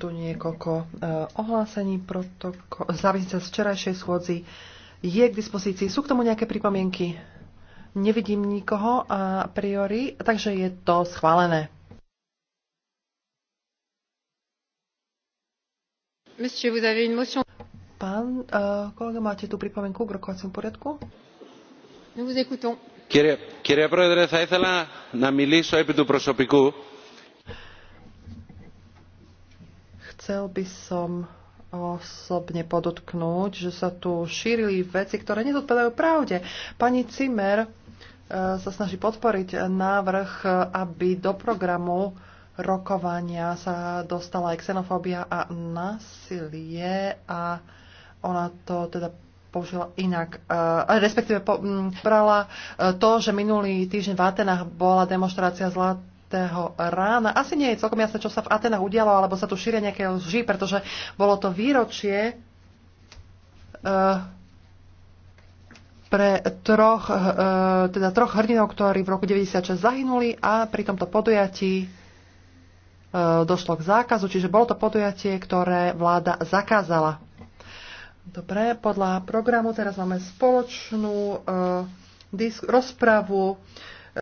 tu niekoľko uh, ohlásení závisí sa z včerajšej schôdzi je k dispozícii. Sú k tomu nejaké pripomienky? Nevidím nikoho a priori, takže je to schválené. Pán uh, kolega, máte tu pripomienku k rokovaciemu poriadku? Nous vous écoutons. Κύριε, κύριε Πρόεδρε, θα ήθελα prosopiku. Chcel by som osobne podotknúť, že sa tu šírili veci, ktoré nezodpovedajú pravde. Pani Cimer e, sa snaží podporiť návrh, aby do programu rokovania sa dostala aj xenofóbia a násilie a ona to teda použila inak, e, respektíve po, brala e, to, že minulý týždeň v Atenách bola demonstrácia zlat, rána. Asi nie je celkom jasné, čo sa v Atenách udialo, alebo sa tu šíria nejaké lži, pretože bolo to výročie eh, pre troch, eh, teda troch hrdinov, ktorí v roku 96 zahynuli a pri tomto podujatí eh, došlo k zákazu, čiže bolo to podujatie, ktoré vláda zakázala. Dobre, podľa programu teraz máme spoločnú uh, disk, rozpravu